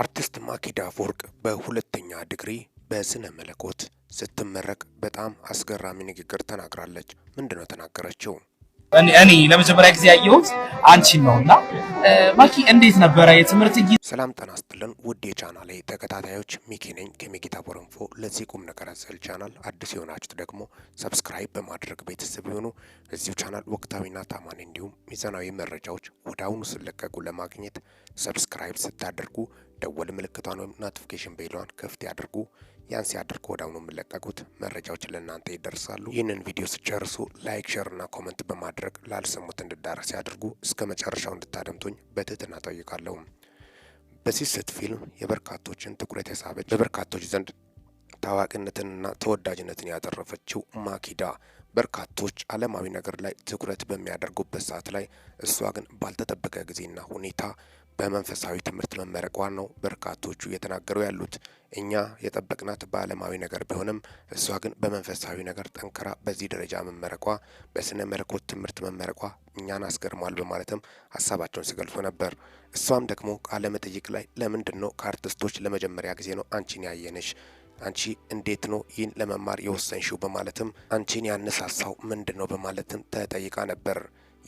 አርቲስት ማኪዳ አፈወርቅ በሁለተኛ ዲግሪ በስነ መለኮት ስትመረቅ በጣም አስገራሚ ንግግር ተናግራለች። ምንድን ነው ተናገረችው? እኔ ለመጀመሪያ ጊዜ ያየሁት አንቺን ነው እና ማኪ እንዴት ነበረ የትምህርት ሰላም ጤና ይስጥልን ውድ የቻናሌ ተከታታዮች ሚኪ ነኝ ከሚኪታ ቦረንፎ። ለዚህ ቁም ነገር አዘል ቻናል አዲስ የሆናችሁ ደግሞ ሰብስክራይብ በማድረግ ቤተሰብ የሆኑ እዚሁ ቻናል ወቅታዊና ታማኒ እንዲሁም ሚዛናዊ መረጃዎች ወደ አሁኑ ስለቀቁ ለማግኘት ሰብስክራይብ ስታደርጉ ደወል ምልክቷን ወይም ኖቲፊኬሽን ቤሏን ክፍት ያድርጉ። ያን ሲያደርጉ ወደ አሁኑ የሚለቀቁት መረጃዎች ለእናንተ ይደርሳሉ። ይህንን ቪዲዮ ስጨርሱ ላይክ፣ ሸር እና ኮመንት በማድረግ ላልሰሙት እንድዳረስ ያድርጉ። እስከ መጨረሻው እንድታደምጡኝ በትህትና ጠይቃለሁ። በስስት ፊልም የበርካቶችን ትኩረት የሳበች በበርካቶች ዘንድ ታዋቂነትንና ተወዳጅነትን ያተረፈችው ማኪዳ በርካቶች ዓለማዊ ነገር ላይ ትኩረት በሚያደርጉበት ሰዓት ላይ እሷ ግን ባልተጠበቀ ጊዜና ሁኔታ በመንፈሳዊ ትምህርት መመረቋን ነው በርካቶቹ እየተናገሩ ያሉት። እኛ የጠበቅናት በዓለማዊ ነገር ቢሆንም እሷ ግን በመንፈሳዊ ነገር ጠንክራ በዚህ ደረጃ መመረቋ፣ በስነ መለኮት ትምህርት መመረቋ እኛን አስገርሟል በማለትም ሀሳባቸውን ሲገልጹ ነበር። እሷም ደግሞ ቃለ መጠይቅ ላይ ለምንድን ነው ከአርቲስቶች ለመጀመሪያ ጊዜ ነው አንቺን ያየነሽ አንቺ እንዴት ነው ይህን ለመማር የወሰንሽው? በማለትም አንቺን ያነሳሳው ምንድን ነው በማለትም ተጠይቃ ነበር።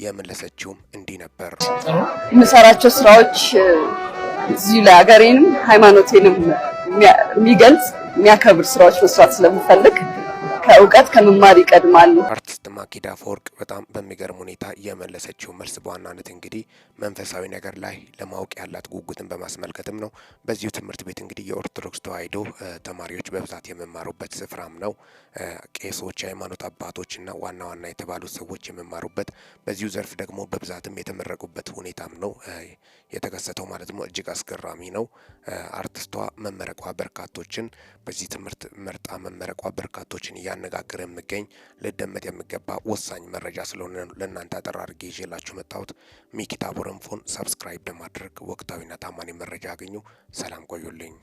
የመለሰችውም እንዲህ ነበር። የምሰራቸው ስራዎች እዚሁ ላይ ሀገሬንም ሃይማኖቴንም የሚገልጽ የሚያከብር ስራዎች መስራት ስለምፈልግ ከእውቀት ከመማር ይቀድማሉ። አርቲስት ማኪዳ አፈወርቅ በጣም በሚገርም ሁኔታ የመለሰችው መልስ በዋናነት እንግዲህ መንፈሳዊ ነገር ላይ ለማወቅ ያላት ጉጉትን በማስመልከትም ነው። በዚሁ ትምህርት ቤት እንግዲህ የኦርቶዶክስ ተዋሕዶ ተማሪዎች በብዛት የሚማሩበት ስፍራም ነው። ቄሶች፣ የሃይማኖት አባቶችና ዋና ዋና የተባሉት ሰዎች የሚማሩበት በዚሁ ዘርፍ ደግሞ በብዛትም የተመረቁበት ሁኔታም ነው የተከሰተው ማለት ነው። እጅግ አስገራሚ ነው። አርቲስቷ መመረቋ በርካቶችን በዚህ ትምህርት መርጣ መመረቋ በርካቶችን እያ እያነጋገረ የሚገኝ ልደመጥ የሚገባ ወሳኝ መረጃ ስለሆነ ለእናንተ አጠር አድርጌ ይዤላችሁ መጣሁት። ሚኪታቦ ሰብስክራይብ በማድረግ ወቅታዊና ታማኝ መረጃ አገኙ። ሰላም ቆዩልኝ።